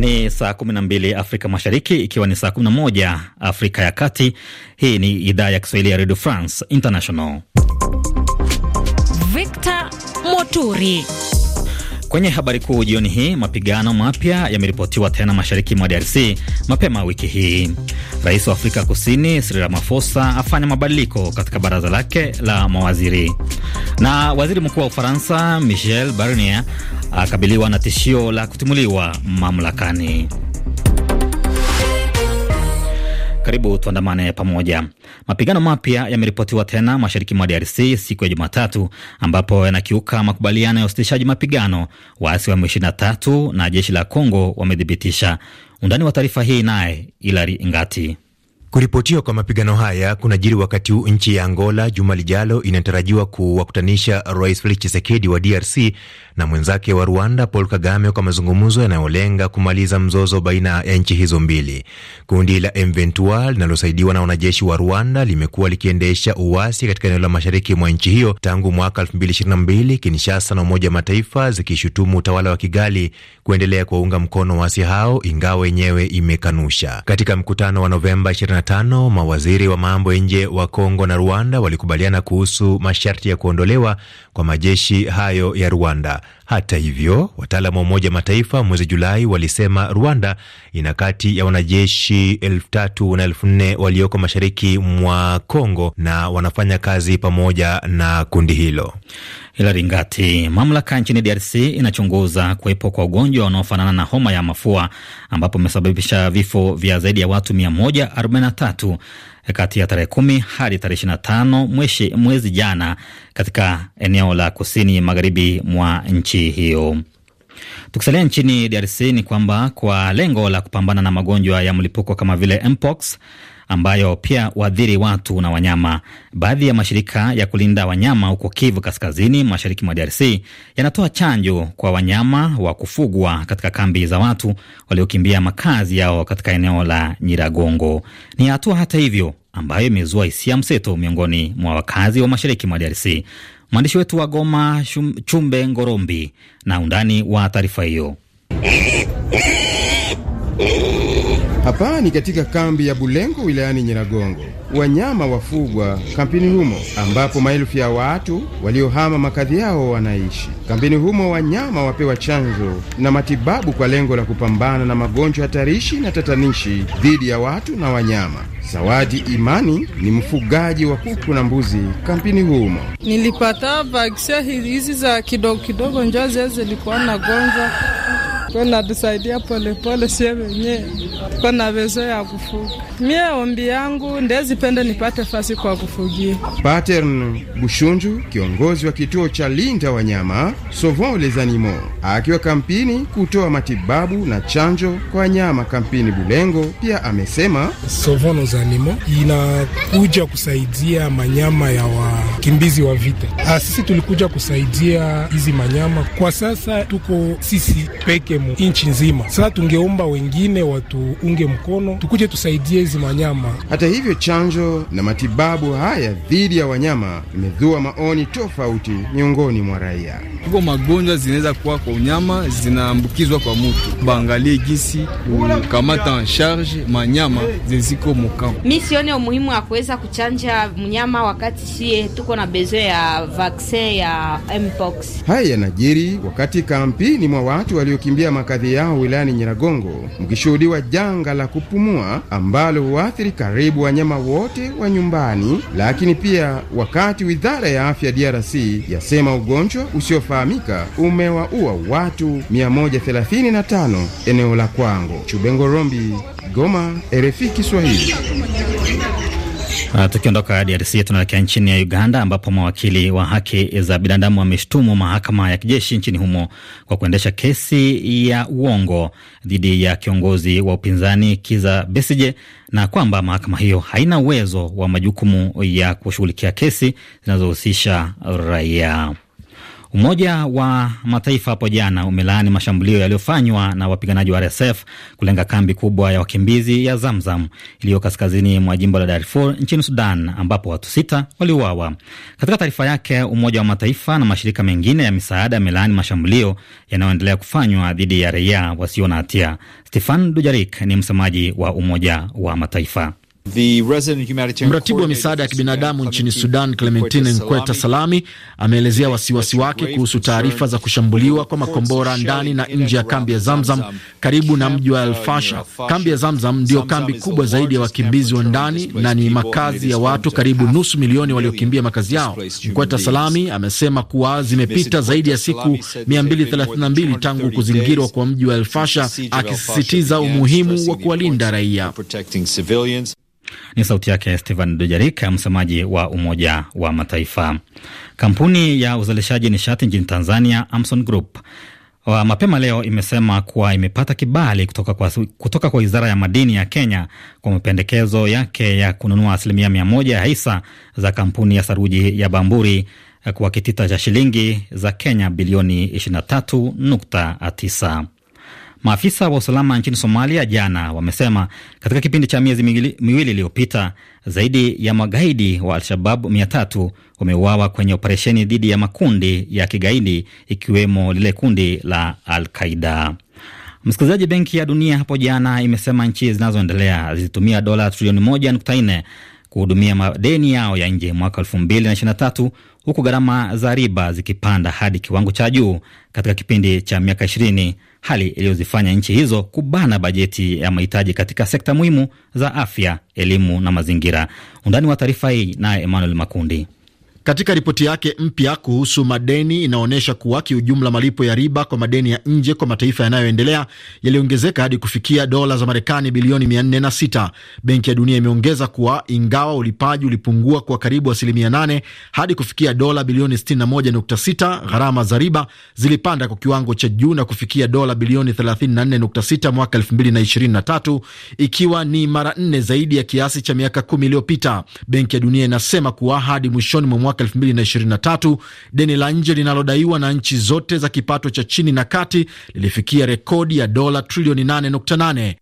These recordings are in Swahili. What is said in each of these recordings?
Ni saa 12 Afrika Mashariki, ikiwa ni saa 11 Afrika ya Kati. Hii ni idhaa ya Kiswahili ya Radio France International. Victor Moturi. Kwenye habari kuu jioni hii, mapigano mapya yameripotiwa tena mashariki mwa DRC mapema wiki hii. Rais wa Afrika Kusini Cyril Ramaphosa afanya mabadiliko katika baraza lake la mawaziri. Na waziri mkuu wa Ufaransa Michel Barnier akabiliwa na tishio la kutimuliwa mamlakani. Karibu tuandamane pamoja. Mapigano mapya yameripotiwa tena mashariki mwa DRC siku ya Jumatatu, ambapo yanakiuka makubaliano ya usitishaji mapigano, waasi wa M23 na jeshi la Congo wamethibitisha. Undani wa taarifa hii naye Ilari Ngati. Kuripotiwa kwa mapigano haya kunajiri wakati huu nchi ya Angola juma lijalo inatarajiwa kuwakutanisha Rais Felix Chisekedi wa DRC na mwenzake wa Rwanda Paul Kagame kwa mazungumzo yanayolenga kumaliza mzozo baina ya nchi hizo mbili. Kundi la M23 linalosaidiwa na wanajeshi wa Rwanda limekuwa likiendesha uasi katika eneo la mashariki mwa nchi hiyo tangu mwaka 2022, Kinshasa na Umoja wa Mataifa zikishutumu utawala wa Kigali kuendelea kuwaunga mkono waasi hao, ingawa yenyewe imekanusha. Katika mkutano wa Novemba 2015 mawaziri wa mambo ya nje wa Kongo na Rwanda walikubaliana kuhusu masharti ya kuondolewa kwa majeshi hayo ya Rwanda. Hata hivyo, wataalam wa Umoja Mataifa mwezi Julai walisema Rwanda ina kati ya wanajeshi elfu tatu na elfu nne walioko mashariki mwa congo na wanafanya kazi pamoja na kundi hilo. Hilari Ngati. Mamlaka nchini DRC inachunguza kuwepo kwa ugonjwa unaofanana na homa ya mafua ambapo umesababisha vifo vya zaidi ya watu 143 kati ya tarehe kumi hadi tarehe ishirini na tano mwezi, mwezi jana katika eneo la kusini magharibi mwa nchi hiyo. Tukisalia nchini DRC ni kwamba kwa lengo la kupambana na magonjwa ya mlipuko kama vile mpox ambayo pia huathiri watu na wanyama, baadhi ya mashirika ya kulinda wanyama huko Kivu Kaskazini, mashariki mwa DRC yanatoa chanjo kwa wanyama wa kufugwa katika kambi za watu waliokimbia makazi yao katika eneo la Nyiragongo. Ni hatua hata hivyo ambayo imezua hisia mseto miongoni mwa wakazi wa mashariki mwa DRC. Mwandishi wetu wa Goma, Chumbe Ngorombi, na undani wa taarifa hiyo Hapa ni katika kambi ya Bulengo wilayani Nyiragongo. Wanyama wafugwa kampini humo, ambapo maelfu ya watu waliohama makazi yao wanaishi. Kampini humo wanyama wapewa chanjo na matibabu kwa lengo la kupambana na magonjwa hatarishi na tatanishi dhidi ya watu na wanyama. Zawadi Imani ni mfugaji wa kuku na mbuzi kampini humo. Nilipata vaksia hizi za kidogo kidogo, njo zilikuwa na gonjwa, natusaidia polepole sie wenyewe ko na vezo ya kufuga. Mie ombi yangu ndezipende nipate fasi kwa kufugia. Patern Bushunju, kiongozi wa kituo cha linda wanyama Sauvons les Animaux, akiwa kampini kutoa matibabu na chanjo kwa wanyama kampini Bulengo, pia amesema Sauvons les Animaux inakuja kusaidia manyama ya wakimbizi wa vita. Ah, sisi tulikuja kusaidia hizi manyama, kwa sasa tuko sisi peke mu inchi nzima. Sasa tungeomba wengine watu tuunge mkono, tukuje tusaidie hizi wanyama. Hata hivyo, chanjo na matibabu haya dhidi ya wanyama imedhua maoni tofauti miongoni mwa raia. Tuko magonjwa zinaweza kuwa kwa unyama, zinaambukizwa kwa mutu, baangalie gisi kukamata charge manyama zeziko mukao. Mi sione umuhimu wa kuweza kuchanja mnyama wakati sie tuko na bezo ya vaksin ya mpox. Haya yanajiri wakati kampini mwa watu waliokimbia makadhi yao wilayani Nyiragongo mkishuhudiwa janga la kupumua ambalo huathiri karibu wanyama wote wa nyumbani, lakini pia wakati wizara ya afya DRC yasema ugonjwa usiofahamika umewaua watu 135 eneo la Kwango. Chubengo Rombi, Goma, RFI Kiswahili. Uh, tukiondoka DRC tunaelekea nchini ya Uganda ambapo mawakili wa haki za binadamu wameshtumu mahakama ya kijeshi nchini humo kwa kuendesha kesi ya uongo dhidi ya kiongozi wa upinzani Kiza Besije na kwamba mahakama hiyo haina uwezo wa majukumu ya kushughulikia kesi zinazohusisha raia. Umoja wa Mataifa hapo jana umelaani mashambulio yaliyofanywa na wapiganaji wa RSF kulenga kambi kubwa ya wakimbizi ya Zamzam iliyo kaskazini mwa jimbo la Darfur nchini Sudan, ambapo watu sita waliuawa. Katika taarifa yake, Umoja wa Mataifa na mashirika mengine ya misaada yamelaani mashambulio yanayoendelea kufanywa dhidi ya raia wasio na hatia. Stefan Dujarik ni msemaji wa Umoja wa Mataifa. Mratibu wa misaada ya kibinadamu nchini Sudan, Clementine Nkweta Salami, ameelezea wasiwasi wake kuhusu taarifa za kushambuliwa kwa makombora ndani na nje ya kambi ya Zamzam karibu na mji wa uh, Elfasha. Kambi ya Zamzam ndiyo kambi kubwa zaidi ya wakimbizi wa ndani na ni makazi ya watu karibu nusu milioni waliokimbia makazi yao. Nkweta Salami amesema kuwa zimepita zaidi ya siku 232 tangu kuzingirwa kwa mji wa Elfasha, akisisitiza umuhimu wa kuwalinda raia. Ni sauti yake Stephane Dujarric, msemaji wa Umoja wa Mataifa. Kampuni ya uzalishaji nishati nchini Tanzania Amson Group wa mapema leo imesema kuwa imepata kibali kutoka kwa, kutoka kwa wizara ya madini ya Kenya kwa mapendekezo yake ya kununua asilimia mia moja ya hisa za kampuni ya saruji ya Bamburi kwa kitita cha shilingi za Kenya bilioni 23.9. Maafisa wa usalama nchini Somalia jana wamesema katika kipindi cha miezi miwili iliyopita zaidi ya magaidi wa Al-Shabab mia tatu wameuawa kwenye operesheni dhidi ya makundi ya kigaidi ikiwemo lile kundi la Al-Qaida. Msikilizaji, Benki ya Dunia hapo jana imesema nchi zinazoendelea zilitumia dola trilioni moja nukta nne kuhudumia madeni yao ya nje mwaka 2023 huku gharama za riba zikipanda hadi kiwango cha juu katika kipindi cha miaka 20 hali iliyozifanya nchi hizo kubana bajeti ya mahitaji katika sekta muhimu za afya, elimu na mazingira. Undani wa taarifa hii naye Emmanuel Makundi. Katika ripoti yake mpya kuhusu madeni inaonyesha kuwa kiujumla malipo ya riba kwa madeni ya nje kwa mataifa yanayoendelea yaliongezeka hadi kufikia dola za Marekani bilioni 406. Benki ya Dunia imeongeza kuwa ingawa ulipaji ulipungua kwa karibu asilimia 8 hadi kufikia dola bilioni 61.6, gharama za riba zilipanda kwa kiwango cha juu na kufikia dola bilioni 34.6 mwaka 2023, ikiwa ni mara nne zaidi ya kiasi cha miaka kumi iliyopita. Benki ya Dunia inasema kuwa hadi mwishoni mwa mwaka 2023, deni la nje linalodaiwa na nchi zote za kipato cha chini na kati lilifikia rekodi ya dola trilioni 8.8.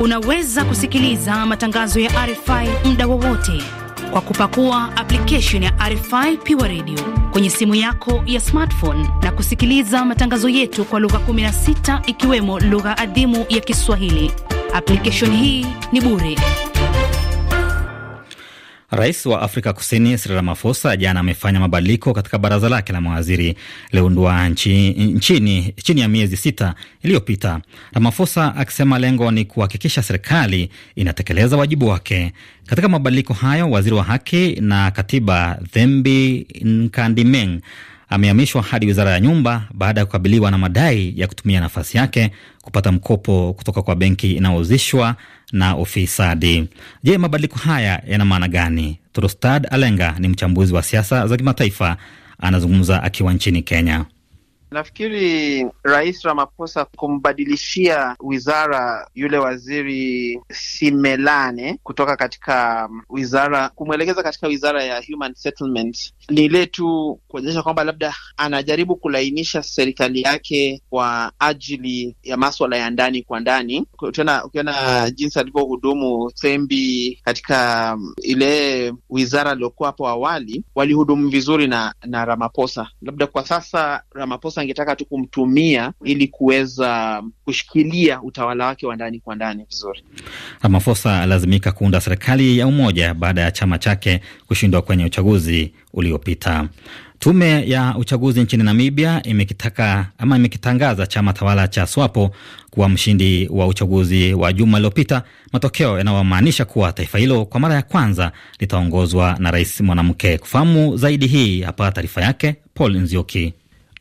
Unaweza kusikiliza matangazo ya RFI muda wowote kwa kupakua application ya RFI Pure Radio kwenye simu yako ya smartphone na kusikiliza matangazo yetu kwa lugha 16 ikiwemo lugha adhimu ya Kiswahili. Application hii ni bure. Rais wa Afrika Kusini Cyril Ramaphosa jana amefanya mabadiliko katika baraza lake la mawaziri lililoundwa nchi, chini ya miezi sita iliyopita, Ramaphosa akisema lengo ni kuhakikisha serikali inatekeleza wajibu wake. Katika mabadiliko hayo, waziri wa haki na katiba Thembi Nkandimeng amehamishwa hadi wizara ya nyumba baada ya kukabiliwa na madai ya kutumia nafasi yake kupata mkopo kutoka kwa benki inayohusishwa na ufisadi. Je, mabadiliko haya yana maana gani? Trostad Alenga ni mchambuzi wa siasa za kimataifa, anazungumza akiwa nchini Kenya. Nafikiri Rais Ramaphosa kumbadilishia wizara yule waziri Simelane kutoka katika um, wizara, kumwelekeza katika wizara ya Human Settlement ni ile tu kuonyesha kwamba labda anajaribu kulainisha serikali yake kwa ajili ya maswala ya ndani kwa ndani. Tena ukiona jinsi alivyohudumu sembi katika um, ile wizara aliyokuwa hapo awali, walihudumu vizuri na na Ramaphosa. Labda kwa sasa Ramaphosa angetaka tu kumtumia ili kuweza kushikilia utawala wake wa ndani kwa ndani vizuri. Ramafosa alazimika kuunda serikali ya umoja baada ya chama chake kushindwa kwenye uchaguzi uliopita. Tume ya uchaguzi nchini Namibia imekitaka ama imekitangaza chama tawala cha SWAPO kuwa mshindi wa uchaguzi wa juma iliyopita, matokeo yanayomaanisha kuwa taifa hilo kwa mara ya kwanza litaongozwa na rais mwanamke. Kufahamu zaidi hii hapa taarifa yake Paul Nzioki.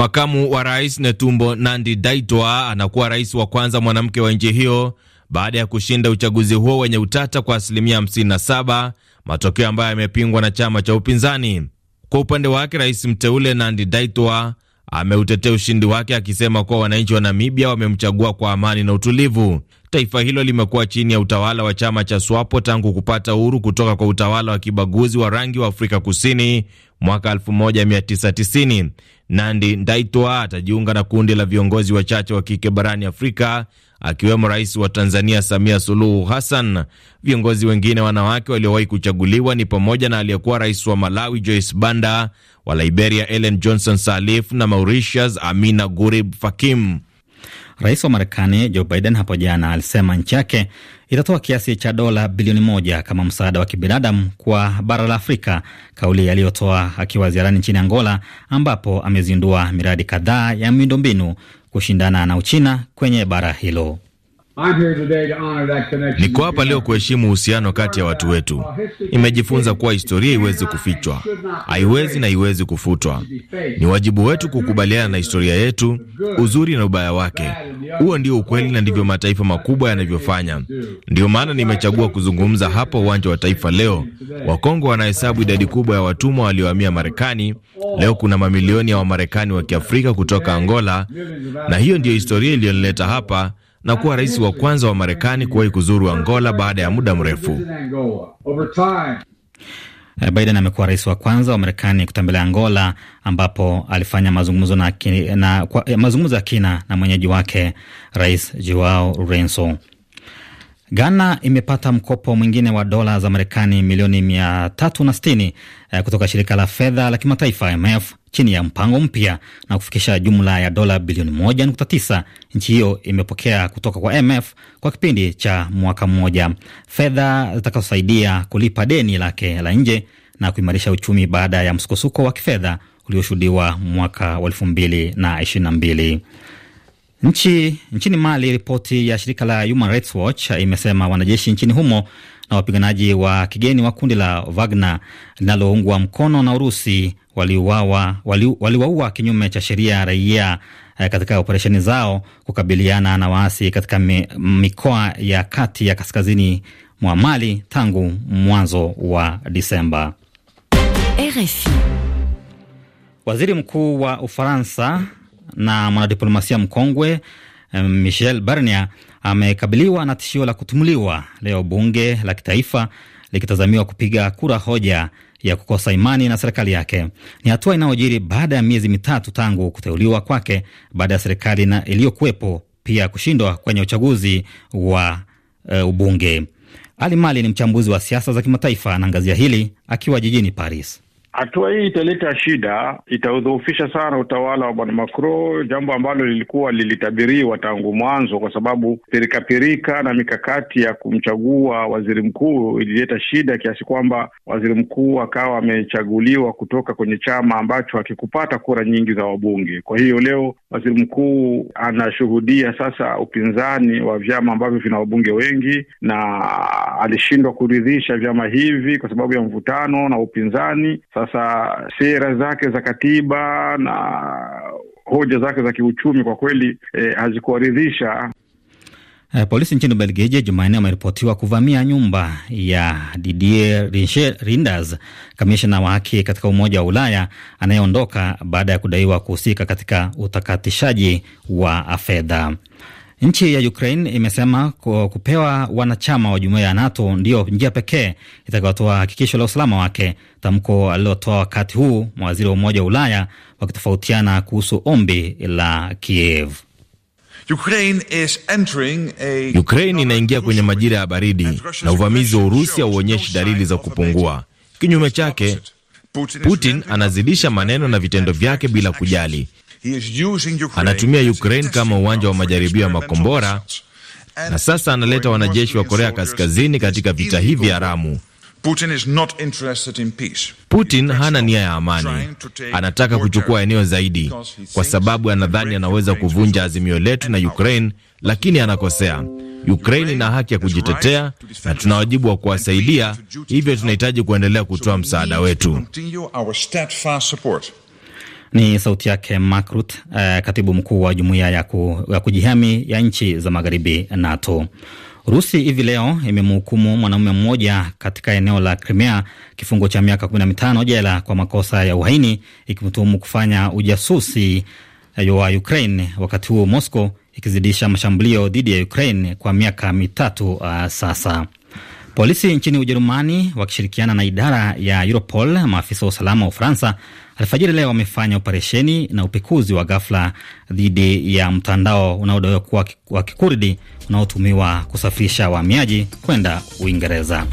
Makamu wa rais Netumbo Nandi Daitwa anakuwa rais wa kwanza mwanamke wa nchi hiyo baada ya kushinda uchaguzi huo wenye utata kwa asilimia 57, matokeo ambayo yamepingwa na chama cha upinzani. Kwa upande wake, rais mteule Nandi Daitwa ameutetea ushindi wake akisema kuwa wananchi wa Namibia wamemchagua kwa amani na utulivu. Taifa hilo limekuwa chini ya utawala wa chama cha SWAPO tangu kupata uhuru kutoka kwa utawala wa kibaguzi wa rangi wa Afrika Kusini mwaka 1990. Nandi Ndaitwa atajiunga na kundi la viongozi wachache wa kike barani Afrika akiwemo rais wa Tanzania Samia Suluhu Hassan. Viongozi wengine wanawake waliowahi kuchaguliwa ni pamoja na aliyekuwa rais wa Malawi Joyce Banda, wa Liberia Ellen Johnson Sirleaf na Mauritius Amina Gurib Fakim. Rais wa Marekani Joe Biden hapo jana alisema nchi yake itatoa kiasi cha dola bilioni moja kama msaada wa kibinadamu kwa bara la Afrika, kauli aliyotoa akiwa ziarani nchini Angola, ambapo amezindua miradi kadhaa ya miundombinu kushindana na Uchina kwenye bara hilo. Niko hapa leo kuheshimu uhusiano kati ya watu wetu. Nimejifunza kuwa historia iwezi kufichwa, haiwezi na iwezi kufutwa. Ni wajibu wetu kukubaliana na historia yetu, uzuri na ubaya wake. Huo ndio ukweli, na ndivyo mataifa makubwa yanavyofanya. Ndio maana nimechagua kuzungumza hapa uwanja wa Taifa leo. Wakongo wanahesabu idadi kubwa ya watumwa waliohamia Marekani. Leo kuna mamilioni ya Wamarekani wa Kiafrika kutoka Angola, na hiyo ndiyo historia iliyonileta hapa na kuwa rais wa kwanza wa Marekani kuwahi kuzuru Angola baada ya muda mrefu. Eh, Biden amekuwa rais wa kwanza wa Marekani kutembelea Angola ambapo alifanya mazungumzo na, na, eh, mazungumzo ya kina na mwenyeji wake Rais Joao Lourenco. Ghana imepata mkopo mwingine wa dola za Marekani milioni mia tatu na sitini eh, kutoka shirika la fedha la kimataifa IMF chini ya mpango mpya na kufikisha jumla ya dola bilioni 1.9 nchi hiyo imepokea kutoka kwa IMF kwa kipindi cha mwaka mmoja, fedha zitakazosaidia kulipa deni lake la nje na kuimarisha uchumi baada ya msukosuko wa kifedha ulioshuhudiwa mwaka wa 2022. Nchi, nchini Mali, ripoti ya shirika la Human Rights Watch imesema wanajeshi nchini humo na wapiganaji wa kigeni wa kundi la Wagner linaloungwa mkono na Urusi waliwaua wali kinyume cha sheria raia eh, katika operesheni zao kukabiliana na waasi katika mikoa ya kati ya kaskazini mwa Mali tangu mwanzo wa Disemba. RFI. Waziri Mkuu wa Ufaransa na mwanadiplomasia mkongwe eh, Michel Barnier amekabiliwa na tishio la kutumuliwa leo, bunge la kitaifa likitazamiwa kupiga kura hoja ya kukosa imani na serikali yake. Ni hatua inayojiri baada ya miezi mitatu tangu kuteuliwa kwake baada ya serikali na iliyokuwepo pia kushindwa kwenye uchaguzi wa e, ubunge. Ali Mali ni mchambuzi wa siasa za kimataifa, anaangazia hili akiwa jijini Paris. Hatua hii italeta shida, itaudhoofisha sana utawala wa bwana Macron, jambo ambalo lilikuwa lilitabiriwa tangu mwanzo, kwa sababu pirikapirika na mikakati ya kumchagua waziri mkuu ilileta shida kiasi kwamba waziri mkuu akawa amechaguliwa kutoka kwenye chama ambacho hakikupata kura nyingi za wabunge. Kwa hiyo leo Waziri mkuu anashuhudia sasa upinzani wa vyama ambavyo vina wabunge wengi, na alishindwa kuridhisha vyama hivi kwa sababu ya mvutano na upinzani. Sasa sera zake za katiba na hoja zake za kiuchumi kwa kweli eh, hazikuwaridhisha. Eh, polisi nchini Ubelgiji Jumanne wameripotiwa kuvamia nyumba ya Didier Rinders, kamishna wa haki katika Umoja wa Ulaya anayeondoka baada ya kudaiwa kuhusika katika utakatishaji wa fedha. Nchi ya Ukraine imesema kupewa wanachama wa jumuiya ya NATO ndiyo njia pekee itakayotoa hakikisho la usalama wake, tamko alilotoa wakati huu mawaziri wa Umoja wa Ulaya wakitofautiana kuhusu ombi la Kiev. Ukraine inaingia kwenye majira ya baridi na uvamizi wa Urusi hauonyeshi dalili za kupungua. Kinyume chake, Putin anazidisha maneno na vitendo vyake bila kujali. Anatumia Ukraine kama uwanja wa majaribio ya makombora, na sasa analeta wanajeshi wa Korea Kaskazini katika vita hivi haramu. Putin, is not interested in peace. Putin hana nia ya amani, anataka kuchukua eneo zaidi, kwa sababu anadhani anaweza kuvunja azimio letu na Ukraine, lakini anakosea. Ukraine ina haki ya kujitetea na tuna wajibu wa kuwasaidia, hivyo tunahitaji kuendelea kutoa msaada wetu. Ni sauti yake Mark Rutte, eh, katibu mkuu wa jumuiya ya kujihami ya nchi za magharibi NATO. Urusi hivi leo imemhukumu mwanaume mmoja katika eneo la Crimea kifungo cha miaka 15 jela kwa makosa ya uhaini, ikimtuhumu kufanya ujasusi eh, wa Ukraine, wakati huo Moscow ikizidisha mashambulio dhidi ya Ukraine kwa miaka mitatu uh, sasa. Polisi nchini Ujerumani wakishirikiana na idara ya Europol, maafisa wa usalama wa Ufaransa Alfajiri leo wamefanya operesheni na upekuzi wa ghafla dhidi ya mtandao unaodaiwa kuwa wa kikurdi unaotumiwa kusafirisha wahamiaji kwenda Uingereza.